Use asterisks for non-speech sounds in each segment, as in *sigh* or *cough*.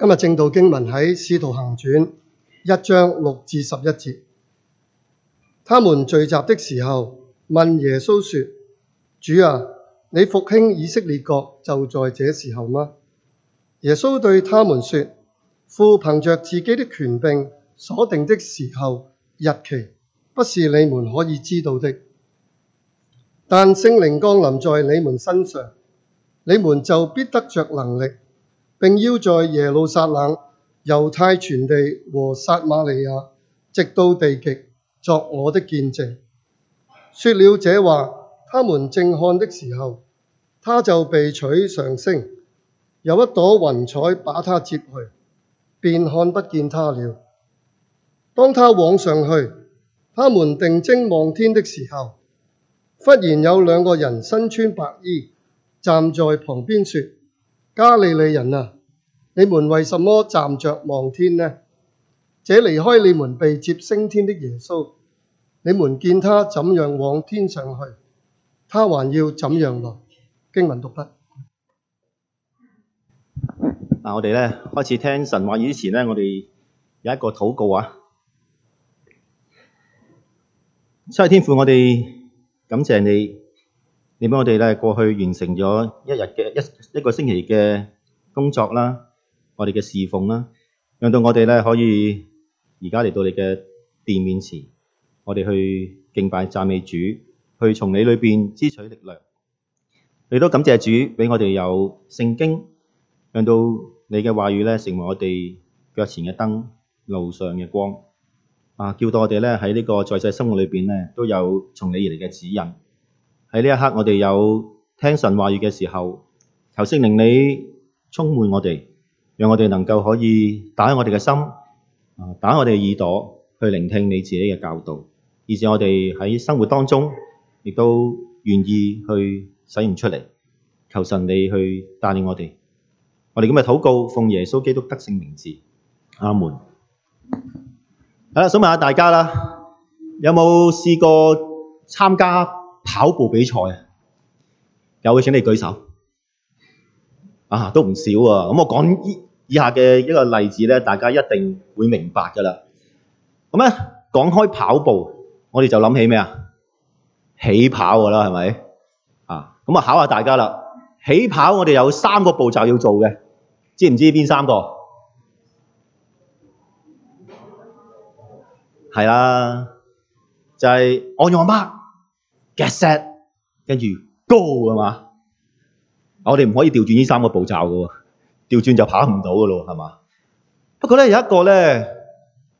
今日正道經文喺《使徒行傳》一章六至十一節，他們聚集的時候問耶穌說：主啊，你復興以色列國就在這時候嗎？耶穌對他們說：父憑着自己的權柄所定的時候日期，不是你們可以知道的。但聖靈降臨在你們身上，你們就必得着能力。並要在耶路撒冷、猶太全地和撒瑪利亞，直到地極作我的見證。說了這話，他們正看的時候，他就被取上升，有一朵雲彩把他接去，便看不見他了。當他往上去，他們定睛望天的時候，忽然有兩個人身穿白衣站在旁邊說：加利利人啊！你們為什麼站着望天呢？這離開你們，被接升天的耶穌，你們見他怎樣往天上去，他還要怎樣來。經文讀畢。嗱，我哋呢開始聽神話以前呢，我哋有一個禱告啊。七日天父，我哋感謝你，你幫我哋呢過去完成咗一日嘅一一個星期嘅工作啦。我哋嘅侍奉啦，讓到我哋咧可以而家嚟到你嘅殿面前，我哋去敬拜讚美主，去從你裏邊支取力量。亦都感謝主俾我哋有聖經，讓到你嘅話語咧成為我哋腳前嘅燈，路上嘅光。啊，叫到我哋咧喺呢個在世生活裏邊咧都有從你而嚟嘅指引。喺呢一刻我哋有聽神話語嘅時候，求聖靈你充滿我哋。讓我哋能夠可以打開我哋嘅心，啊，打開我哋嘅耳朵去聆聽你自己嘅教導，而且我哋喺生活當中亦都願意去使用出嚟，求神你去帶領我哋。我哋今日禱告奉耶穌基督得勝名字，阿門。好啦，嗯啊，想問下大家啦，有冇試過參加跑步比賽啊？有嘅請你舉手。啊，都唔少啊，咁、嗯、我講以下嘅一個例子呢，大家一定會明白㗎喇。咁咧，講開跑步，我哋就諗起咩啊？起跑㗎啦，係咪？啊，咁、嗯、啊考下大家啦。起跑我哋有三個步驟要做嘅，知唔知邊三個？係啦，就係 on your mark, get set，跟住 go 係嘛？我哋唔可以調轉呢三個步驟嘅喎。調轉就跑唔到㗎咯，係咪？不過呢，有一個呢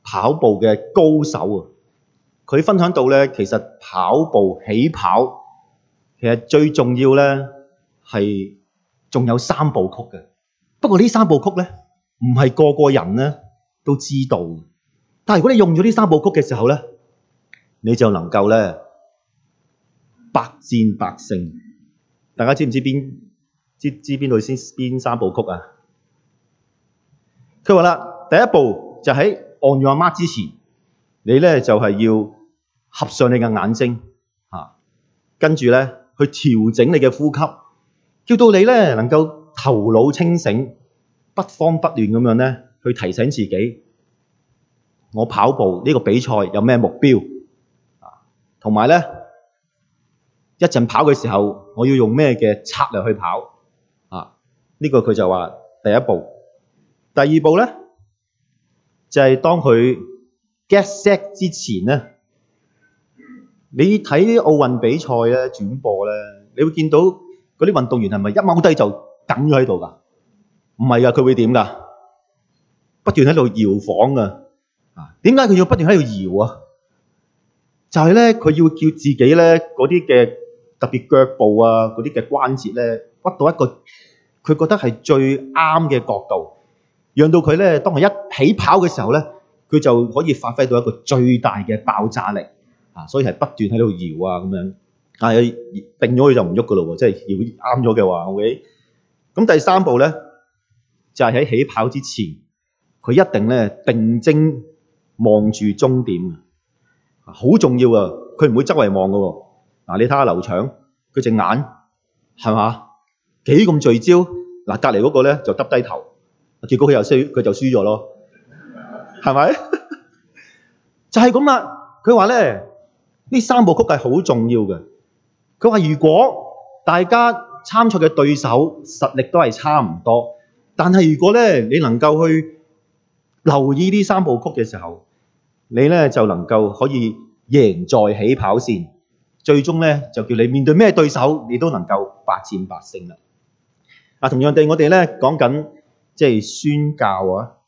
跑步嘅高手啊，佢分享到呢，其實跑步起跑其實最重要呢係仲有三部曲嘅。不過呢三部曲呢，唔係個個人呢都知道。但如果你用咗呢三部曲嘅時候呢，你就能夠呢百戰百勝。大家知唔知邊知知邊度先邊三部曲啊？佢話啦：第一步就喺 on your mark 之前，你呢就係、是、要合上你嘅眼睛嚇，跟、啊、住呢去調整你嘅呼吸，叫到你呢能夠頭腦清醒、不慌不亂咁樣呢，去提醒自己我跑步呢個比賽有咩目標啊，同埋呢，一陣跑嘅時候，我要用咩嘅策略去跑啊？呢、這個佢就話第一步。第二步呢，就係、是、當佢 get set 之前呢，你睇奧運比賽呢轉播呢，你會見到嗰啲運動員係咪一踎低就緊咗喺度㗎？唔係啊，佢會點㗎？不斷喺度搖晃㗎。啊，點解佢要不斷喺度搖啊？就係、是、呢，佢要叫自己呢嗰啲嘅特別腳步啊，嗰啲嘅關節呢，屈到一個佢覺得係最啱嘅角度。讓到佢咧，當佢一起跑嘅時候呢佢就可以發揮到一個最大嘅爆炸力啊！所以係不斷喺度搖啊咁樣，但係定咗佢就唔喐噶咯，即係搖啱咗嘅話，O K。咁、okay? 第三步呢就係、是、喺起跑之前，佢一定呢定睛望住終點啊，好重要啊！佢唔會周圍望噶。嗱，你睇下劉翔，佢隻眼係咪幾咁聚焦。嗱，隔籬嗰個呢就耷低頭。結果佢又輸，佢就輸咗囉，係咪？ *laughs* 就係咁啦。佢話呢，呢三部曲係好重要嘅。佢話如果大家參賽嘅對手實力都係差唔多，但係如果呢你能夠去留意呢三部曲嘅時候，你呢就能夠可以贏在起跑線，最終呢，就叫你面對咩對手，你都能夠百戰百勝啦。嗱，同樣地，我哋呢講緊，講即係宣教啊！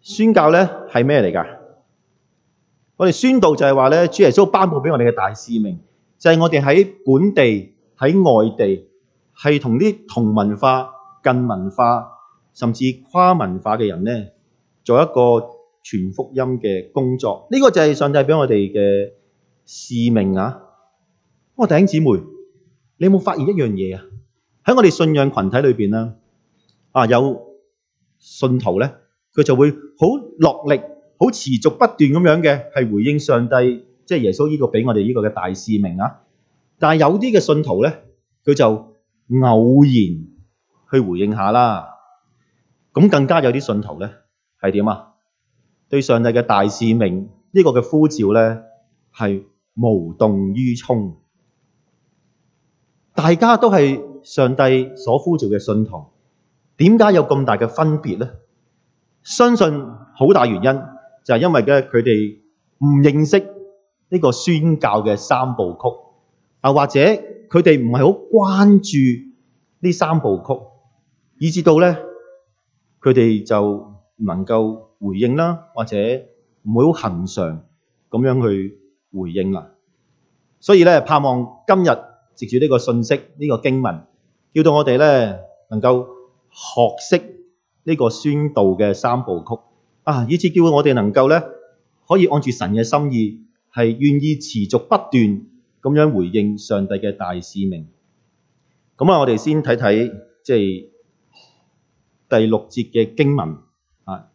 宣教咧係咩嚟㗎？我哋宣道就係話咧，主耶穌頒布俾我哋嘅大使命，就係、是、我哋喺本地、喺外地，係同啲同文化、近文化，甚至跨文化嘅人咧，做一個全福音嘅工作。呢、這個就係上帝畀我哋嘅使命啊！我弟兄姊妹，你有冇發現一樣嘢啊？喺我哋信仰群體裏邊啦，啊有。信徒咧，佢就會好落力、好持續不斷咁樣嘅，係回應上帝，即係耶穌呢個畀我哋呢個嘅大使命啊。但係有啲嘅信徒咧，佢就偶然去回應下啦。咁更加有啲信徒咧，係點啊？對上帝嘅大使命呢個嘅呼召咧，係無動於衷。大家都係上帝所呼召嘅信徒。點解有咁大嘅分別呢？相信好大原因就係因為呢，佢哋唔認識呢個宣教嘅三部曲，啊，或者佢哋唔係好關注呢三部曲，以致到呢佢哋就唔能夠回應啦，或者唔會好恆常咁樣去回應啦。所以呢，盼望今日藉住呢個信息、呢個經文，叫到我哋呢能夠學識呢個宣道嘅三部曲啊，以致叫我哋能夠咧可以按住神嘅心意，係願意持續不斷咁樣回應上帝嘅大使命。咁啊，我哋先睇睇即係第六節嘅經文啊，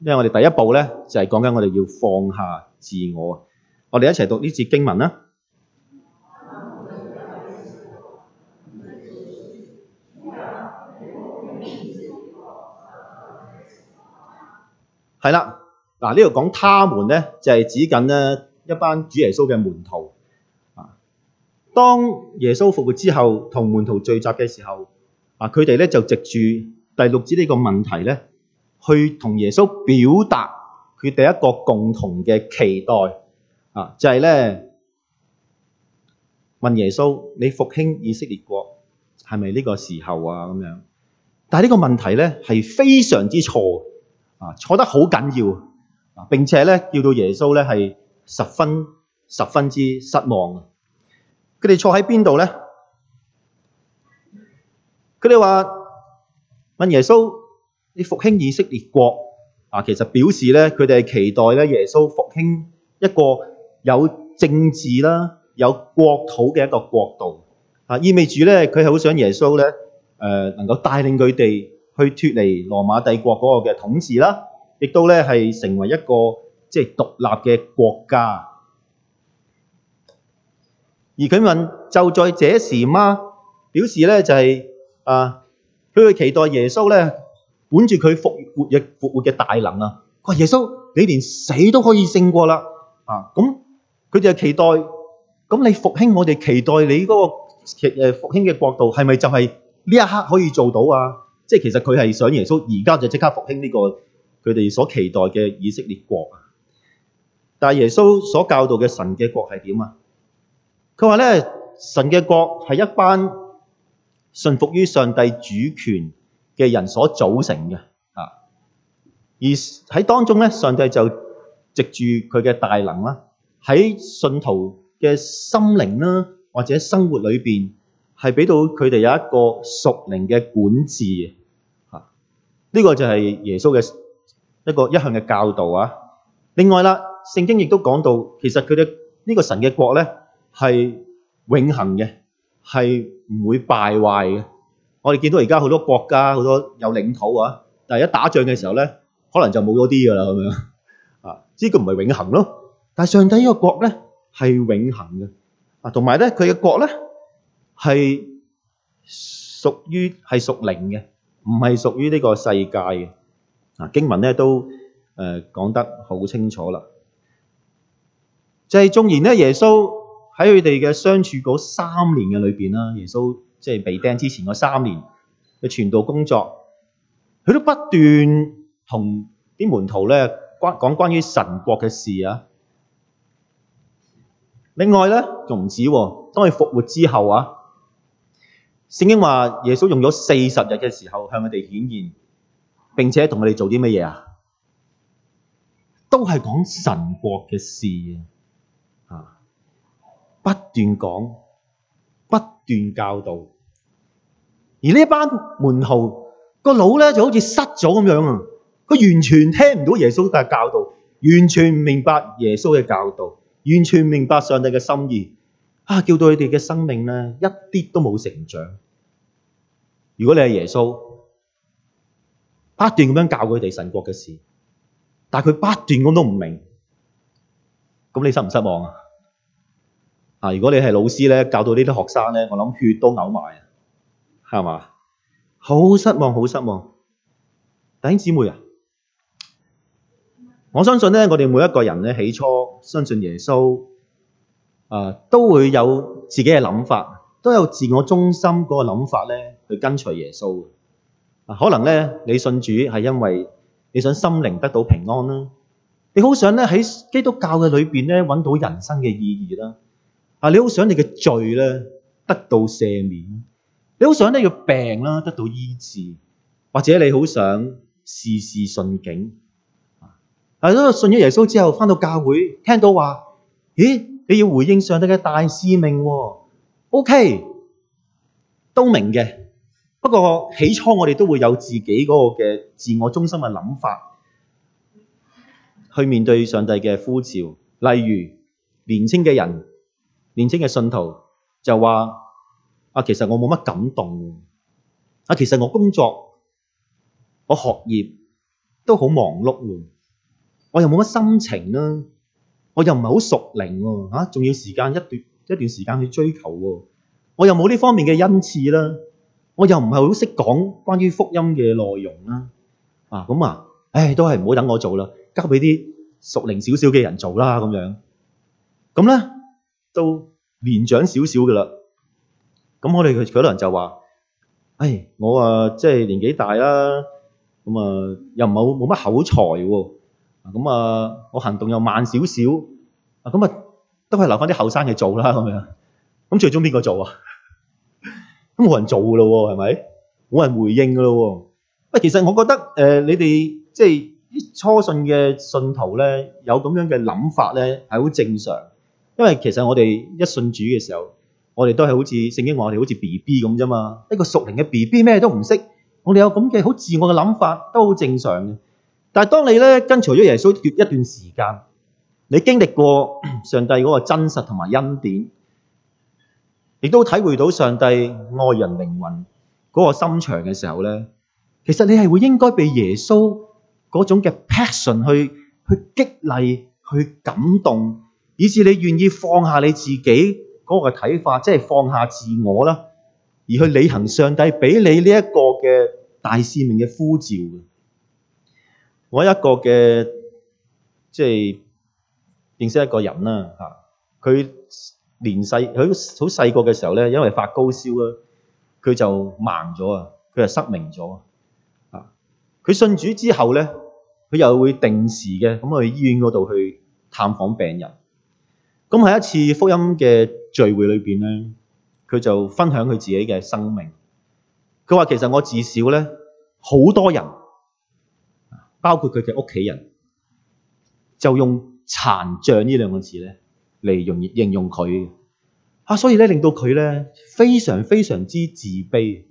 因為我哋第一步咧就係講緊我哋要放下自我。我哋一齊讀呢節經文啦。係啦，嗱呢度講他們咧，就係指緊咧一班主耶穌嘅門徒啊。當耶穌復活之後，同門徒聚集嘅時候，啊，佢哋咧就藉住第六節呢個問題咧，去同耶穌表達佢哋一個共同嘅期待啊，就係咧問耶穌：你復興以色列國係咪呢個時候啊？咁樣。但係呢個問題咧係非常之錯。啊，錯得好緊要啊！並且咧，叫到耶穌咧係十分十分之失望啊！佢哋錯喺邊度咧？佢哋話問耶穌：你復興以色列國啊？其實表示咧，佢哋係期待咧耶穌復興一個有政治啦、有國土嘅一個國度啊！意味住咧，佢係好想耶穌咧誒能夠帶領佢哋。去脱離羅馬帝國嗰個嘅統治啦，亦都咧係成為一個即係、就是、獨立嘅國家。而佢問，就在這時嗎，媽表示咧就係、是、啊，佢去期待耶穌咧，管住佢復活、復活、復活嘅大能啊！佢話：耶穌，你連死都可以勝過啦啊！咁佢就期待，咁你復興我哋，期待你嗰個誒復興嘅國度，係咪就係呢一刻可以做到啊？即係其實佢係想耶穌而家就即刻復興呢個佢哋所期待嘅以色列國啊！但係耶穌所教導嘅神嘅國係點啊？佢話咧，神嘅國係一班信服於上帝主權嘅人所組成嘅啊！而喺當中咧，上帝就藉住佢嘅大能啦，喺信徒嘅心靈啦或者生活裏邊。係畀到佢哋有一個屬靈嘅管治，啊呢個就係耶穌嘅一個一向嘅教導啊。另外啦，聖經亦都講到，其實佢哋呢個神嘅國咧係永恆嘅，係唔會敗壞嘅。我哋見到而家好多國家好多有領土啊，但係一打仗嘅時候咧，可能就冇咗啲噶啦咁樣啊，呢個唔係永恆咯。但係上帝呢個國咧係永恆嘅啊，同埋咧佢嘅國咧。係屬於係屬靈嘅，唔係屬於呢個世界嘅。啊經文呢都誒、呃、講得好清楚啦。就係、是、縱然呢，耶穌喺佢哋嘅相處嗰三年嘅裏邊啦，耶穌即係被釘之前嗰三年嘅傳道工作，佢都不斷同啲門徒呢關講關於神國嘅事啊。另外呢，仲唔止，啊，當佢復活之後啊。聖經話耶穌用咗四十日嘅時候向佢哋顯現，並且同佢哋做啲乜嘢啊？都係講神國嘅事啊！不斷講，不斷教導。而呢班門徒個腦咧就好似失咗咁樣啊！佢完全聽唔到耶穌嘅教導，完全唔明白耶穌嘅教導，完全唔明白上帝嘅心意。啊！叫到佢哋嘅生命咧，一啲都冇成長。如果你係耶穌，不斷咁樣教佢哋神國嘅事，但係佢不斷咁都唔明，咁你失唔失望啊？啊！如果你係老師咧，教到呢啲學生咧，我諗血都嘔埋啊，係嘛？好失望，好失望。弟兄姊妹啊，我相信咧，我哋每一個人咧，起初相信耶穌。啊，都會有自己嘅諗法，都有自我中心嗰個諗法咧，去跟隨耶穌。啊，可能咧，你信主係因為你想心靈得到平安啦，你好想咧喺基督教嘅裏邊咧揾到人生嘅意義啦。啊，你好想你嘅罪咧得到赦免，你好想咧嘅病啦得到醫治，或者你好想事事順境。但係都信咗耶穌之後，翻到教會聽到話，咦？你要回應上帝嘅大使命喎，OK，都明嘅。不過起初我哋都會有自己嗰個嘅自我中心嘅諗法，去面對上帝嘅呼召。例如年輕嘅人、年輕嘅信徒就話：啊，其實我冇乜感動，啊，其實我工作、我學業都好忙碌，我又冇乜心情啦。我又唔係好熟齡喎，啊，仲，啊、要時間一段一段時間去追求喎，啊。我又冇呢方面嘅恩賜啦，我又唔係好識講關於福音嘅內容啦，啊。啊，咁啊，唉，哎，都係唔好等我做啦，交俾啲熟齡少少嘅人做啦，咁樣。咁咧，啊、都年長少少嘅啦。咁我哋佢可能就話：唉，哎，我啊即係、就是、年紀大啦，咁啊又冇冇乜口才喎，啊。咁啊，我行動又慢少少，啊咁啊，都係留翻啲後生嘅做啦，咁樣。咁最終邊個做啊？都 *laughs* 冇、啊、人做噶咯喎，係咪？冇人回應噶咯喎。喂、啊，其實我覺得誒、呃，你哋即係啲初信嘅信徒咧，有咁樣嘅諗法咧，係好正常。因為其實我哋一信主嘅時候，我哋都係好似聖經話，我哋好似 B B 咁啫嘛。一個屬靈嘅 B B，咩都唔識，我哋有咁嘅好自我嘅諗法，都好正常嘅。但係，當你咧跟隨咗耶穌一段時間，你經歷過上帝嗰個真實同埋恩典，亦都體會到上帝愛人靈魂嗰個心腸嘅時候咧，其實你係會應該被耶穌嗰種嘅 passion 去去激勵、去感動，以至你願意放下你自己嗰個睇法，即係放下自我啦，而去履行上帝畀你呢一個嘅大使命嘅呼召嘅。我一個嘅即係認識一個人啦，嚇佢年細，佢好細個嘅時候咧，因為發高燒啊，佢就盲咗啊，佢就失明咗啊。佢信主之後咧，佢又會定時嘅咁去醫院嗰度去探訪病人。咁喺一次福音嘅聚會裏邊咧，佢就分享佢自己嘅生命。佢話：其實我自小咧，好多人。包括佢嘅屋企人，就用殘障呢兩個字咧嚟，形容佢，所以令到佢非常非常之自卑。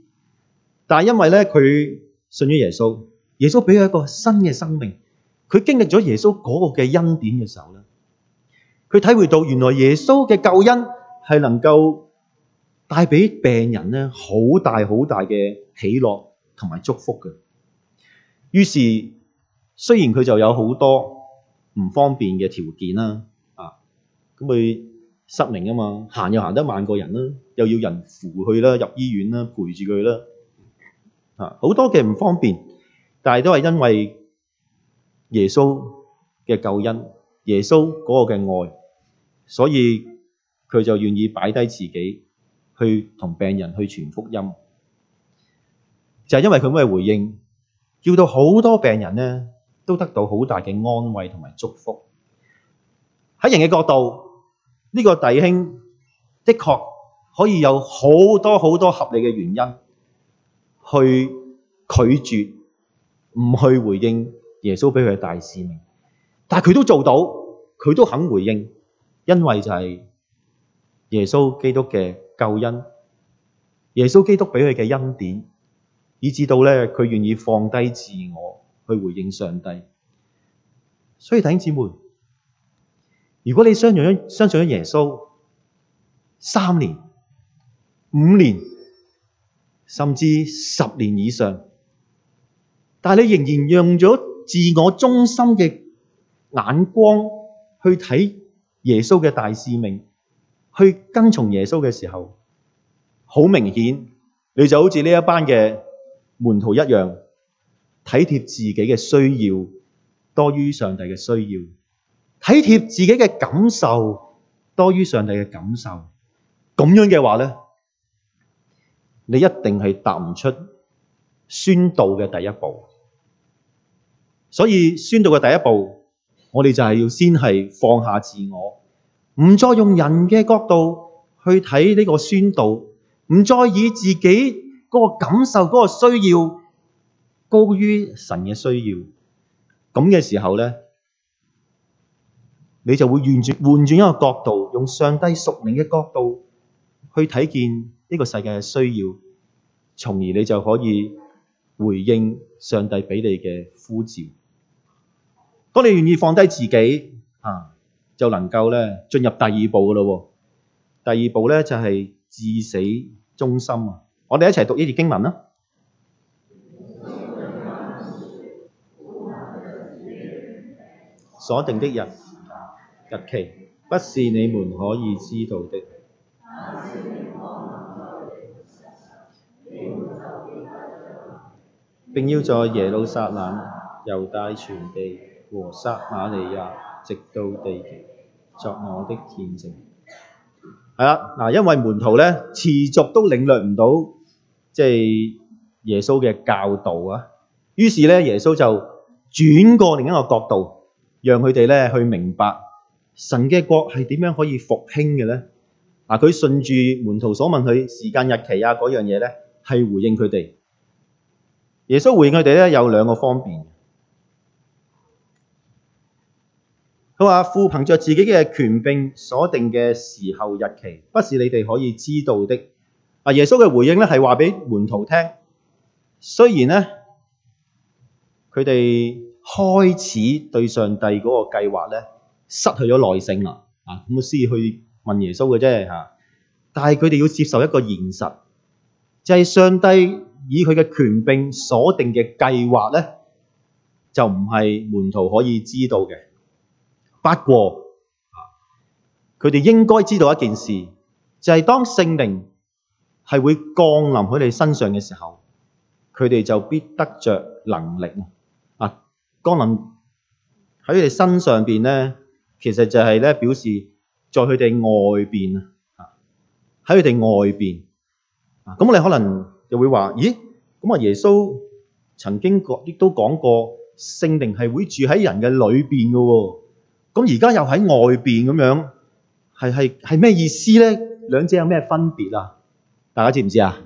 但因為咧佢信咗耶穌，耶穌俾佢一個新嘅生命，佢經歷咗耶穌嗰個嘅恩典嘅時候咧，佢體會到原來耶穌嘅救恩係能夠帶俾病人咧好大好大嘅喜樂同埋祝福嘅，於是。雖然佢就有好多唔方便嘅條件啦，啊，咁佢失明啊嘛，行又行得慢過人啦，又要人扶佢啦，入醫院啦，陪住佢啦，啊，好多嘅唔方便，但係都係因為耶穌嘅救恩，耶穌嗰個嘅愛，所以佢就願意擺低自己去同病人去傳福音，就係因為佢咁嘅回應，叫到好多病人咧，都得到好大嘅安慰同埋祝福。喺人嘅角度，呢個弟兄的確可以有好多好多合理嘅原因去拒絕，唔去回應耶穌畀佢嘅大使命。但係佢都做到，佢都肯回應，因為就係耶穌基督嘅救恩，耶穌基督畀佢嘅恩典，以至到咧佢願意放低自我。去回應上帝，所以弟兄姊妹，如果你相信咗耶穌三年、五年甚至十年以上，但你仍然用咗自我中心嘅眼光去睇耶穌嘅大使命，去跟從耶穌嘅時候，好明顯你就好似呢一班嘅門徒一樣。體貼自己嘅需要多於上帝嘅需要，體貼自己嘅感受多於上帝嘅感受，咁樣嘅話呢，你一定係踏唔出宣道嘅第一步。所以宣道嘅第一步，我哋就係要先係放下自我，唔再用人嘅角度去睇呢個宣道，唔再以自己嗰個感受、嗰個需要，高於神嘅需要，咁嘅時候咧，你就會完全換轉一個角度，用上帝屬靈嘅角度去睇見呢個世界嘅需要，從而你就可以回應上帝畀你嘅呼召。當你願意放低自己啊，就能夠咧進入第二步噶咯。第二步咧就係、是、至死忠心啊！我哋一齊讀一節經文啦。所定的人、日期不是你們可以知道的，並要在耶路撒冷、猶大全地和撒瑪利亞直到地極作我的見證。係啦，嗱，因為門徒咧持續都領略唔到，即係耶穌嘅教導啊，於是咧耶穌就轉過另一個角度。讓佢哋咧去明白神嘅國係點樣可以復興嘅咧？嗱，佢順住門徒所問佢時間日期啊嗰樣嘢咧，係回應佢哋。耶穌回應佢哋咧有兩個方便。佢話父憑着自己嘅權柄所定嘅時候日期，不是你哋可以知道的。嗱，耶穌嘅回應咧係話俾門徒聽，雖然咧佢哋。開始對上帝嗰個計劃咧，失去咗耐性啦！啊，咁我先去問耶穌嘅啫嚇。但係佢哋要接受一個現實，就係上帝以佢嘅權柄鎖定嘅計劃咧，就唔係門徒可以知道嘅。不過，啊，佢哋應該知道一件事，就係當聖靈係會降臨喺你身上嘅時候，佢哋就必得着能力。光臨喺佢哋身上邊呢，其實就係咧表示在佢哋外邊啊，喺佢哋外邊啊。咁你可能就會話：咦，咁啊耶穌曾經講亦都講過，聖靈係會住喺人嘅裏邊噶。咁而家又喺外邊咁樣，係係係咩意思呢？兩者有咩分別啊？大家知唔知啊？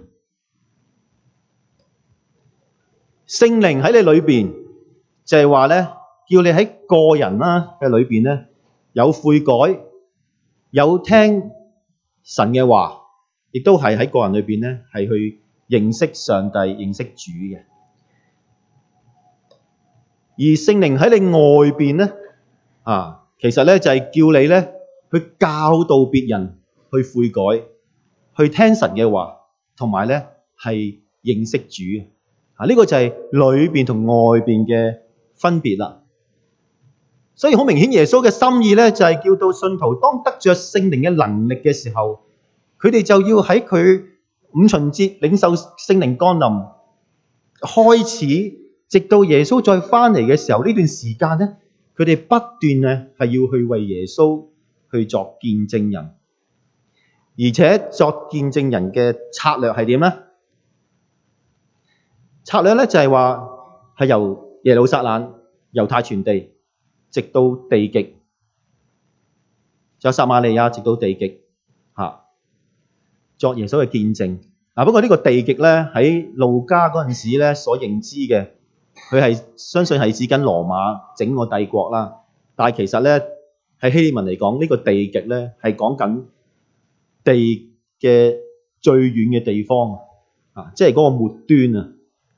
聖靈喺你裏邊。就係話咧，叫你喺個人啦嘅裏邊咧有悔改，有聽神嘅話，亦都係喺個人裏邊咧係去認識上帝、認識主嘅。而聖靈喺你外邊咧啊，其實咧就係叫你咧去教導別人去悔改、去聽神嘅話，同埋咧係認識主啊，呢個就係裏邊同外邊嘅分別啦，所以好明顯，耶穌嘅心意咧，就係叫到信徒當得着聖靈嘅能力嘅時候，佢哋就要喺佢五旬節領受聖靈降臨開始，直到耶穌再翻嚟嘅時候，呢段時間咧，佢哋不斷咧係要去為耶穌去作見證人，而且作見證人嘅策略係點咧？策略咧就係話係由耶路撒冷、猶太全地，直到地極，仲有撒瑪利亞，直到地極，嚇、啊，作耶穌嘅見證。嗱、啊，不過呢個地極呢，喺路加嗰陣時咧所認知嘅，佢係相信係指緊羅馬整個帝國啦。但其實呢，喺希臘文嚟講，呢、這個地極呢係講緊地嘅最遠嘅地方啊，即係嗰個末端啊。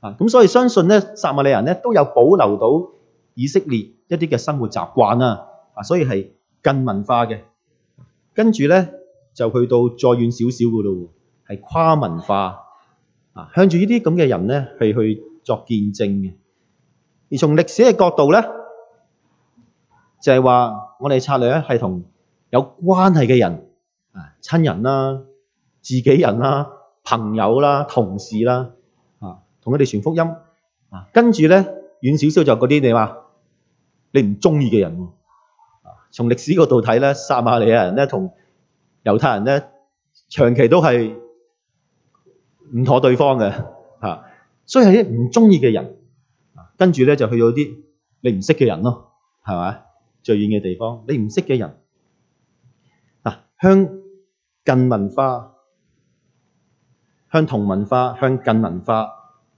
啊，咁所以相信咧，撒瑪利人咧都有保留到以色列一啲嘅生活習慣啊，啊，所以係近文化嘅。跟住咧就去到再遠少少嘅咯，係跨文化啊，向住呢啲咁嘅人咧係去作見證嘅。而從歷史嘅角度咧，就係、是、話我哋策略咧係同有關係嘅人啊，親人啦、啊、自己人啦、啊、朋友啦、啊、同事啦、啊。同我哋傳福音啊，跟住咧遠少少就嗰啲你話你唔中意嘅人喎。啊，從歷史角度睇咧，撒瑪利亞人咧同猶太人咧，長期都係唔妥對方嘅吓，所以係啲唔中意嘅人。啊，跟住咧就去咗啲你唔識嘅人咯，係嘛？最遠嘅地方，你唔識嘅人。嗱，向近文化，向同文化，向近文化。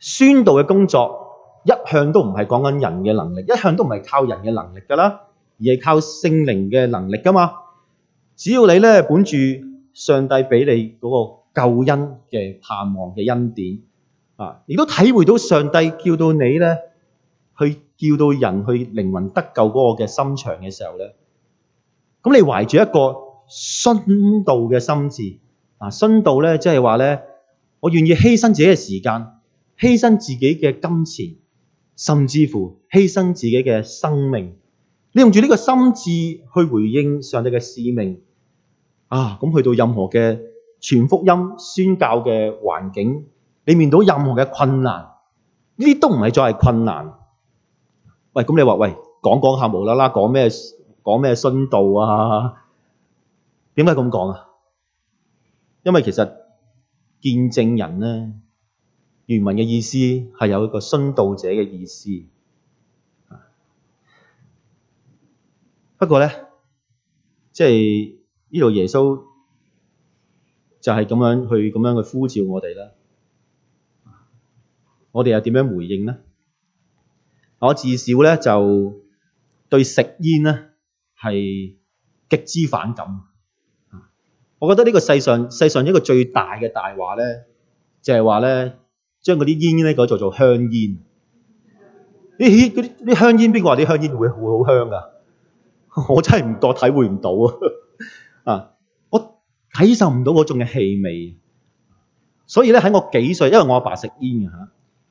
宣道嘅工作一向都唔係講緊人嘅能力，一向都唔係靠人嘅能力噶啦，而係靠聖靈嘅能力噶嘛。只要你咧本住上帝畀你嗰個救恩嘅盼望嘅恩典啊，亦都體會到上帝叫到你咧去叫到人去靈魂得救嗰個嘅心腸嘅時候咧，咁你懷住一個宣道嘅心智，啊，宣道咧即係話咧，我願意犧牲自己嘅時間。犧牲自己嘅金錢，甚至乎犧牲自己嘅生命，你用住呢個心智去回應上帝嘅使命啊！咁去到任何嘅全福音宣教嘅環境，你面對任何嘅困難，呢啲都唔係再係困難。喂，咁你話喂，講講下無啦啦講咩講咩殉道啊？點解咁講啊？因為其實見證人呢。原文嘅意思係有一個殉道者嘅意思。不過咧，即係呢度耶穌就係咁樣去咁樣去呼召我哋啦。我哋又點樣回應咧？我至少咧就對食煙咧係極之反感。我覺得呢個世上世上一個最大嘅大話咧，就係話咧。將嗰啲煙咧改做做香煙。咦、哎？啲香煙邊個話啲香煙會會好香噶？我真係唔覺體會唔到啊！ *laughs* 我感受唔到嗰種嘅氣味。所以咧喺我幾歲，因為我阿爸食煙嘅吓，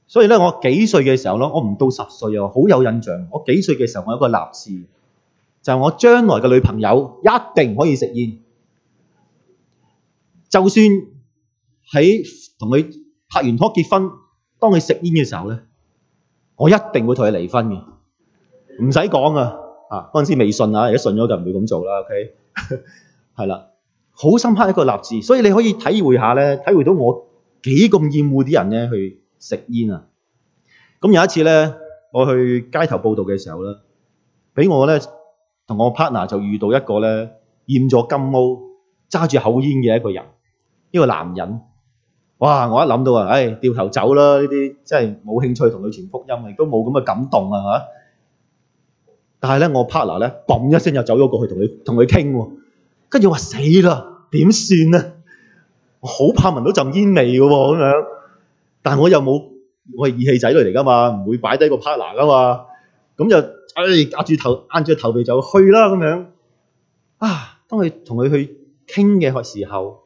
所以咧我幾歲嘅時候咯，我唔到十歲啊，好有印象。我幾歲嘅時候，我有個立誓，就係、是、我將來嘅女朋友一定可以食煙，就算喺同佢。拍完拖結婚，當佢食煙嘅時候咧，我一定會同佢離婚嘅，唔使講啊！啊，嗰陣時未信啊，而家信咗就唔會咁做啦。OK，係 *laughs* 啦，好深刻一個例子，所以你可以體會下咧，體會到我幾咁厭惡啲人咧去食煙啊！咁有一次咧，我去街頭報道嘅時候咧，俾我咧同我 partner 就遇到一個咧染咗金毛揸住口煙嘅一個人，一個男人。哇！我一諗到啊，唉、哎，掉頭走啦！呢啲真係冇興趣同佢傳福音，亦都冇咁嘅感動啊嚇。但係咧，我 partner 咧嘣一聲就走咗過去同佢同佢傾喎，跟住我話死啦，點算啊？我好怕聞到陣煙味嘅喎，咁樣。但我又冇，我係義氣仔女嚟㗎嘛，唔會擺低個 partner 㗎嘛。咁、啊、就唉硬、哎、住頭，硬住頭皮就去啦咁樣。啊！當佢同佢去傾嘅時候。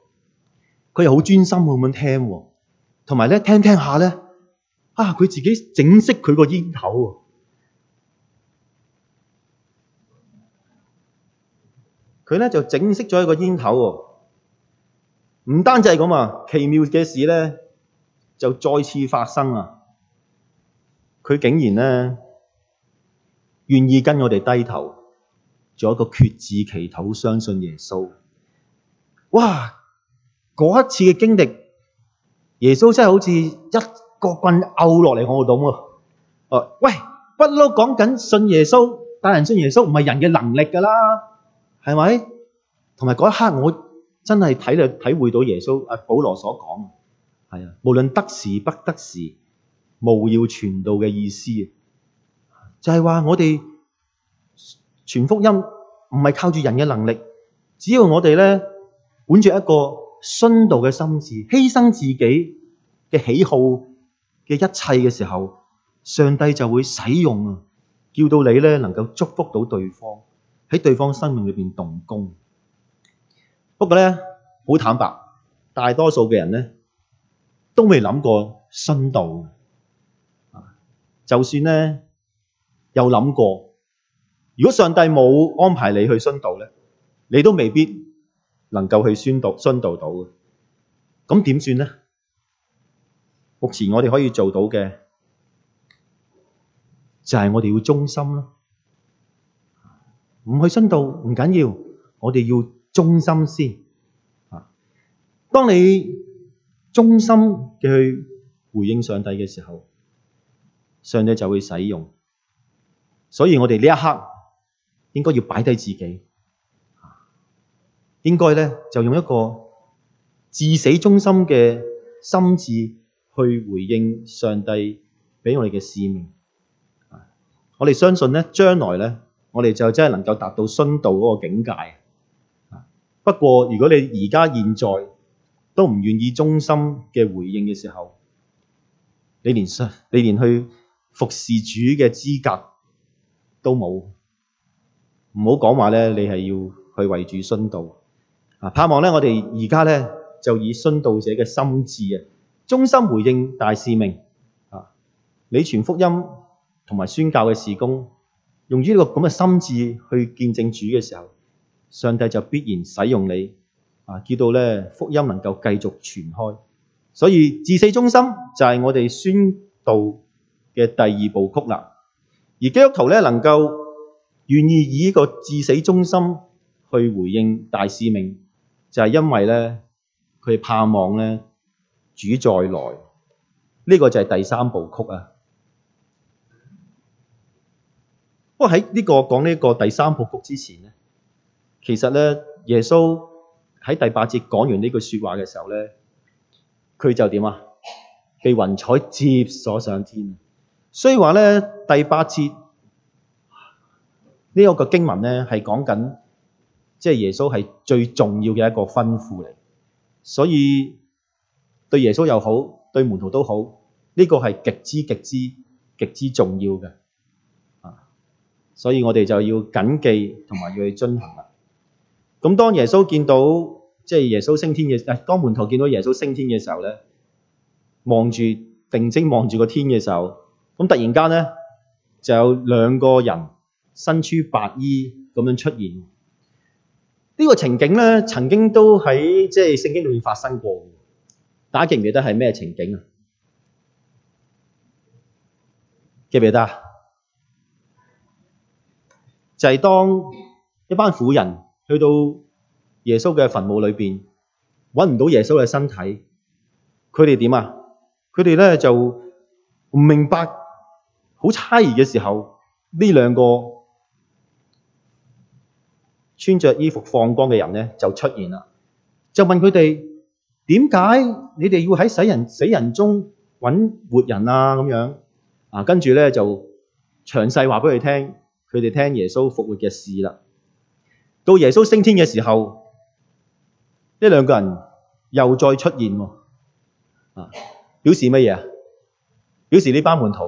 佢又好專心咁樣聽，同埋咧聽聽下咧，啊！佢自己整熄佢個煙頭喎，佢咧就整熄咗一個煙頭喎。唔單止係咁啊，奇妙嘅事咧就再次發生啊！佢竟然咧願意跟我哋低頭，做一個決志祈禱，相信耶穌。哇！嗰一次嘅經歷，耶穌真係好似一個棍拗落嚟，我哋懂喎。喂，不嬲講緊信耶穌，帶人信耶穌唔係人嘅能力㗎啦，係咪？同埋嗰一刻，我真係體嚟體會到耶穌啊，保羅所講，係啊，無論得時不得時，務要傳道嘅意思，就係話我哋傳福音唔係靠住人嘅能力，只要我哋咧管住一個。殉道嘅心志，犧牲自己嘅喜好嘅一切嘅時候，上帝就會使用啊，叫到你咧能夠祝福到對方喺對方生命裏邊動工。不過咧，好坦白，大多數嘅人咧都未諗過殉道啊。就算咧有諗過，如果上帝冇安排你去殉道咧，你都未必能夠去宣道、宣道到嘅，咁點算咧？目前我哋可以做到嘅，就係我哋要忠心咯。唔去宣道唔緊要，我哋要忠心先。啊，當你忠心嘅去回應上帝嘅時候，上帝就會使用。所以我哋呢一刻應該要擺低自己。應該咧就用一個至死忠心嘅心志去回應上帝畀我哋嘅使命。我哋相信咧，將來咧，我哋就真係能夠達到殉道嗰個境界。不過，如果你而家現在都唔願意忠心嘅回應嘅時候，你連你連去服侍主嘅資格都冇。唔好講話咧，你係要去為主殉道。啊！盼望咧，我哋而家咧就以殉道者嘅心志啊，衷心回應大使命啊！你傳福音同埋宣教嘅事工，用呢個咁嘅心志去見證主嘅時候，上帝就必然使用你啊！叫到咧福音能夠繼續傳開。所以至死忠心就係我哋宣道嘅第二部曲啦。而基督徒咧能夠願意以呢個至死忠心去回應大使命。就係因為咧，佢盼望咧主再來，呢個就係第三部曲啊。不過喺呢個講呢個第三部曲之前咧，其實咧耶穌喺第八節講完呢句説話嘅時候咧，佢就點啊？被雲彩接咗上天。所以話咧第八節呢個經文咧係講緊。即係耶穌係最重要嘅一個吩咐嚟，所以對耶穌又好，對門徒都好，呢個係極之極之極之重要嘅。啊，所以我哋就要謹記同埋要去遵行啦。咁當耶穌見到即係耶穌升天嘅，當門徒見到耶穌升天嘅時候咧，望住定睛望住個天嘅時候，咁突然間咧就有兩個人身穿白衣咁樣出現。呢個情景咧，曾經都喺即係聖經裏發生過。大家記唔記得係咩情景啊？記唔記得？就係當一班婦人去到耶穌嘅墳墓裏面，揾唔到耶穌嘅身體，佢哋點啊？佢哋呢就唔明白，好猜疑嘅時候，呢兩個。穿着衣服放光嘅人呢，就出現啦，就問佢哋點解你哋要喺死人死人中揾活人啊咁樣？啊，跟住呢，就詳細話俾佢哋聽，佢哋聽耶穌復活嘅事啦。到耶穌升天嘅時候，呢兩個人又再出現喎啊！表示乜嘢啊？表示呢班門徒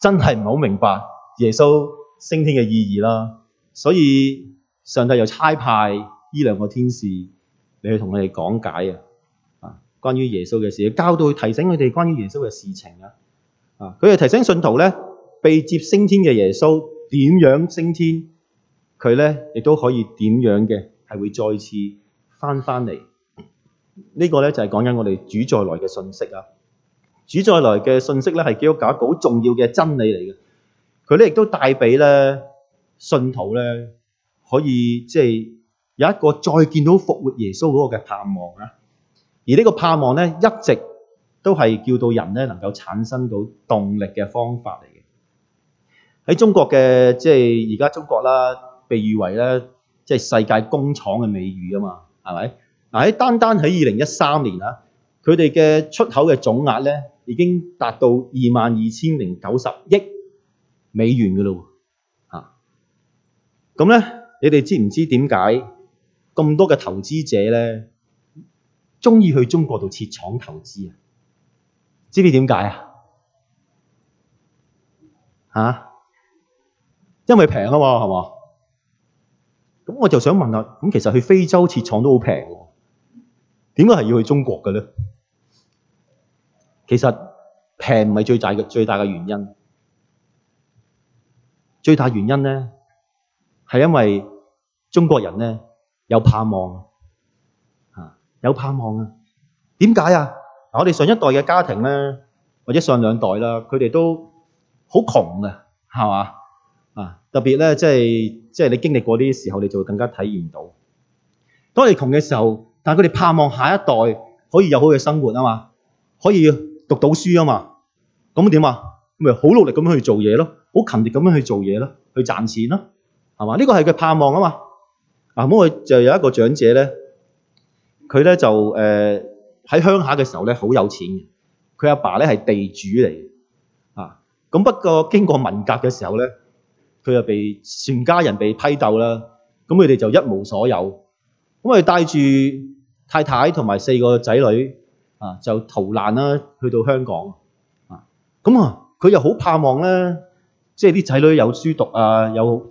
真係唔好明白耶穌升天嘅意義啦，所以。上帝又差派呢兩個天使你去同佢哋講解啊，啊，關於耶穌嘅事，教導佢提醒佢哋關於耶穌嘅事情啊，啊，佢哋提醒信徒呢，被接升天嘅耶穌點樣升天，佢呢亦都可以點樣嘅係會再次翻翻嚟，呢、這個呢就係講緊我哋主再來嘅信息啊，主再來嘅信息呢，係基督教一個好重要嘅真理嚟嘅，佢呢亦都帶俾咧信徒呢。可以即係、就是、有一個再見到復活耶穌嗰個嘅盼望啊！而呢個盼望咧，一直都係叫到人咧能夠產生到動力嘅方法嚟嘅。喺中國嘅即係而家中國啦，被譽為咧即係世界工廠嘅美譽啊嘛，係咪？嗱喺單單喺二零一三年啦，佢哋嘅出口嘅總額咧已經達到二萬二千零九十億美元嘅咯喎咁咧～你哋知唔知點解咁多嘅投資者呢鍾意去中國度設廠投資啊？知唔知點解啊？嚇，因為平啊嘛，係嘛？咁我就想問啦，咁其實去非洲設廠都好平喎，點解係要去中國嘅呢？其實平唔係最大嘅最大嘅原因，最大原因呢。係因為中國人呢，有盼望啊，有盼望啊。點解啊？我哋上一代嘅家庭呢，或者上兩代啦，佢哋都好窮嘅，係嘛啊？特別呢，即係即係你經歷過啲時候，你就會更加體驗到。當你窮嘅時候，但係佢哋盼望下一代可以有好嘅生活啊嘛，可以讀到書啊嘛。咁點啊？咪好努力咁樣去做嘢咯，好勤力咁樣去做嘢咯，去賺錢咯。係嘛？呢個係佢盼望啊嘛！啊，咁佢就有一個長者咧，佢咧就誒喺、呃、鄉下嘅時候咧好有錢嘅，佢阿爸咧係地主嚟嘅啊。咁不過經過文革嘅時候咧，佢就被全家人被批鬥啦，咁佢哋就一無所有，咁、嗯、佢帶住太太同埋四個仔女啊，就逃難啦，去到香港啊。咁啊，佢又好盼望咧，即係啲仔女有書讀啊，有。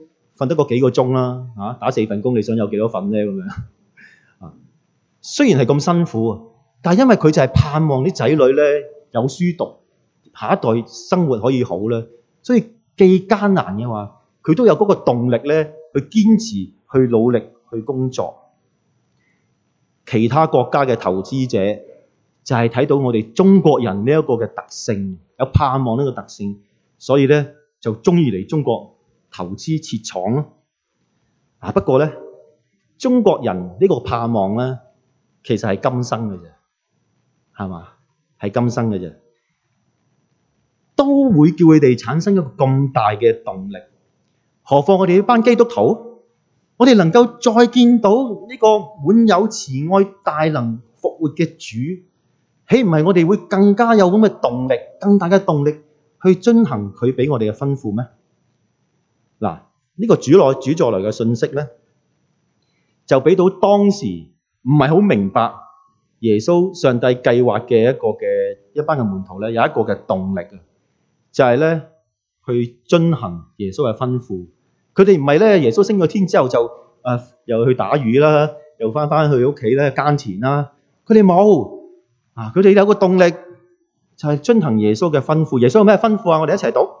瞓得個幾個鐘啦嚇，打四份工，你想有幾多份咧咁樣啊？ *laughs* 雖然係咁辛苦，但係因為佢就係盼望啲仔女咧有書讀，下一代生活可以好咧，所以既艱難嘅話，佢都有嗰個動力咧去堅持去努力去工作。其他國家嘅投資者就係睇到我哋中國人呢一個嘅特性，有盼望呢個特性，所以咧就鍾意嚟中國。投資設廠咯啊！不過咧，中國人呢個盼望咧，其實係今生嘅啫，係嘛？係今生嘅啫，都會叫佢哋產生一個咁大嘅動力。何況我哋呢班基督徒，我哋能夠再見到呢個滿有慈愛、大能復活嘅主，豈唔係我哋會更加有咁嘅動力、更大嘅動力去遵行佢俾我哋嘅吩咐咩？嗱，呢個主內主助來嘅信息咧，就俾到當時唔係好明白耶穌上帝計劃嘅一個嘅一班嘅門徒咧，有一個嘅動力啊，就係咧去遵行耶穌嘅吩咐。佢哋唔係咧，耶穌升咗天之後就啊，又去打魚啦，又返返去屋企咧耕田啦。佢哋冇啊，佢哋有個動力就係遵行耶穌嘅吩咐。耶穌有咩吩咐啊？我哋一齊讀。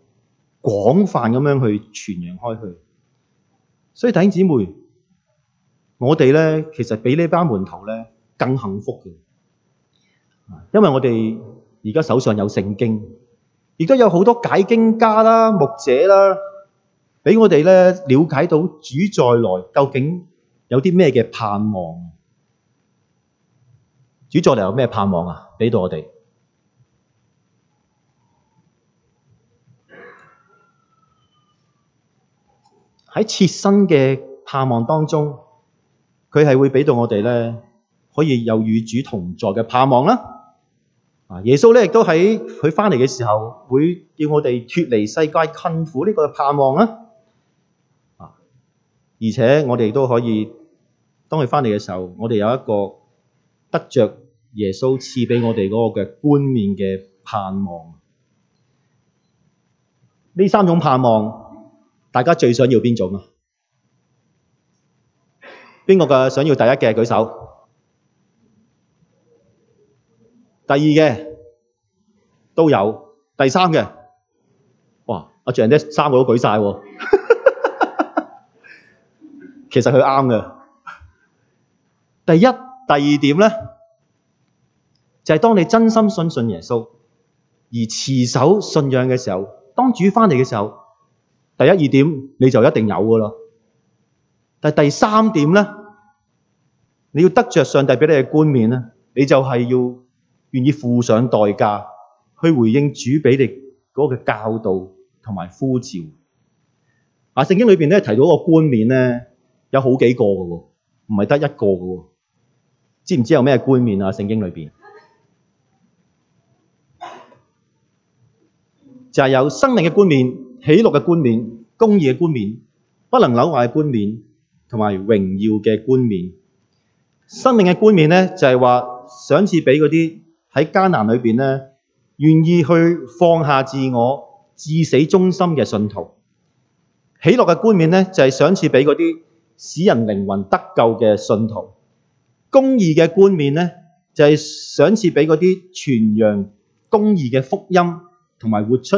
廣泛咁樣去傳揚開去，所以弟兄姊妹，我哋咧其實比呢班門徒咧更幸福嘅，因為我哋而家手上有聖經，亦都有好多解經家啦、牧者啦，畀我哋咧了解到主再來究竟有啲咩嘅盼望？主再來有咩盼望啊？畀到我哋。喺切身嘅盼望當中，佢係會畀到我哋咧，可以有與主同在嘅盼望啦。啊，耶穌咧亦都喺佢翻嚟嘅時候，會叫我哋脫離世界困苦呢個盼望啦。啊，而且我哋都可以當佢翻嚟嘅時候，我哋有一個得着耶穌賜畀我哋嗰個嘅冠冕嘅盼望。呢三種盼望。大家最想要邊種啊？邊個嘅想要第一嘅舉手，第二嘅都有，第三嘅，哇！阿 James 三個都舉晒喎， *laughs* 其實佢啱嘅。第一、第二點咧，就係、是、當你真心信信耶穌而持守信仰嘅時候，當主返嚟嘅時候。第一、二點你就一定有㗎喇。但第三點呢，你要得著上帝俾你嘅冠冕呢，你就係要願意付上代價去回應主俾你嗰個教導同埋呼召。啊，聖經裏邊咧提到個冠冕呢，有好幾個嘅喎，唔係得一個嘅喎。知唔知有咩冠冕啊？聖經裏邊就係、是、有生命嘅冠冕。喜樂嘅冠冕、公義嘅冠冕、不能朽壞嘅冠冕，同埋榮耀嘅冠冕。生命嘅冠冕呢，就係話賞賜俾嗰啲喺艱難裏面呢，願意去放下自我、至死忠心嘅信徒。喜樂嘅冠冕呢，就係賞賜俾嗰啲使人靈魂得救嘅信徒。公義嘅冠冕呢，就係賞賜俾嗰啲傳揚公義嘅福音同埋活出。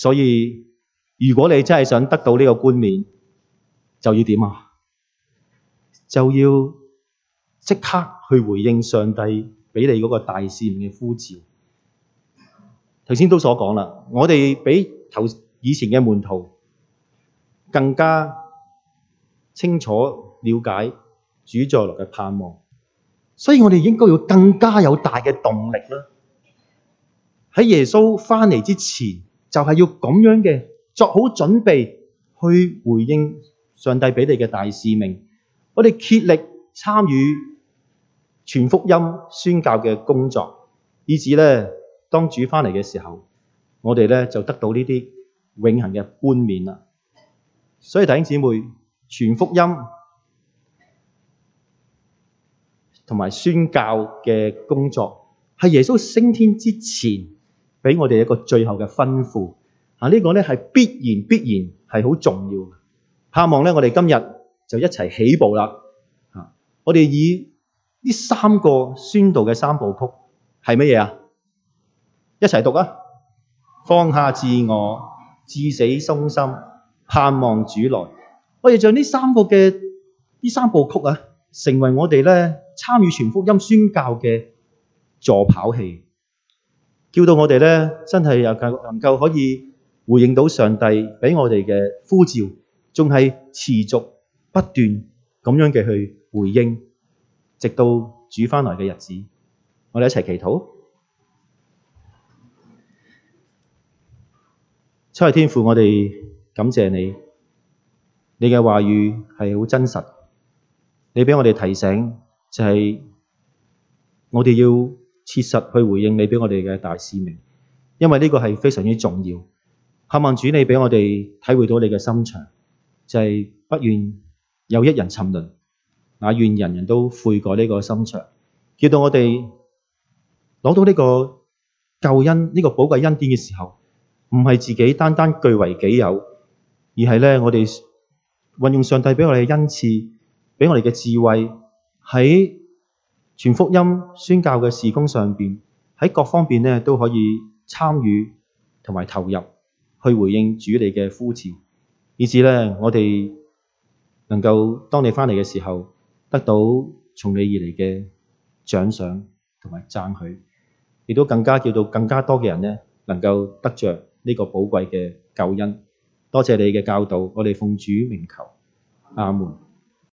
所以，如果你真係想得到呢個冠冕，就要點啊？就要即刻去回應上帝畀你嗰個大善嘅呼召。頭先都所講啦，我哋比頭以前嘅門徒更加清楚了解主再來嘅盼望，所以我哋應該要更加有大嘅動力啦。喺耶穌翻嚟之前，就係要咁樣嘅，做好準備去回應上帝畀你嘅大使命。我哋竭力參與全福音宣教嘅工作，以至咧當主翻嚟嘅時候，我哋咧就得到呢啲永恒嘅冠冕啦。所以弟兄姊妹，全福音同埋宣教嘅工作係耶穌升天之前。俾我哋一個最後嘅吩咐，吓、啊、呢、這個呢係必然必然係好重要的。盼望呢，我哋今日就一齊起，起步啦。啊，我哋以呢三個宣道嘅三部曲係乜嘢呀？一齊讀啊！放下自我，至死忠心，盼望主來。我哋就呢三個嘅呢三部曲啊，成為我哋呢參與全福音宣教嘅助跑器。叫到我哋咧，真係又夠能夠可以回應到上帝畀我哋嘅呼召，仲係持續不斷咁樣嘅去回應，直到主翻來嘅日子，我哋一齊祈禱。七日天父，我哋感謝你，你嘅話語係好真實，你畀我哋提醒就係、是、我哋要。切實去回應你畀我哋嘅大使命，因為呢個係非常之重要。盼望主你畀我哋體會到你嘅心腸，就係、是、不願有一人沉淪，也願人人都悔過呢個心腸。叫到我哋攞到呢個救恩，呢、這個寶貴恩典嘅時候，唔係自己單單據為己有，而係咧我哋運用上帝畀我哋嘅恩賜，畀我哋嘅智慧喺。全福音宣教嘅事工上邊，喺各方面咧都可以參與同埋投入，去回應主你嘅呼召，以至咧我哋能夠當你翻嚟嘅時候，得到從你而嚟嘅獎賞同埋讚許，亦都更加叫做更加多嘅人咧能夠得着呢個寶貴嘅救恩。多謝你嘅教導，我哋奉主名求，阿門。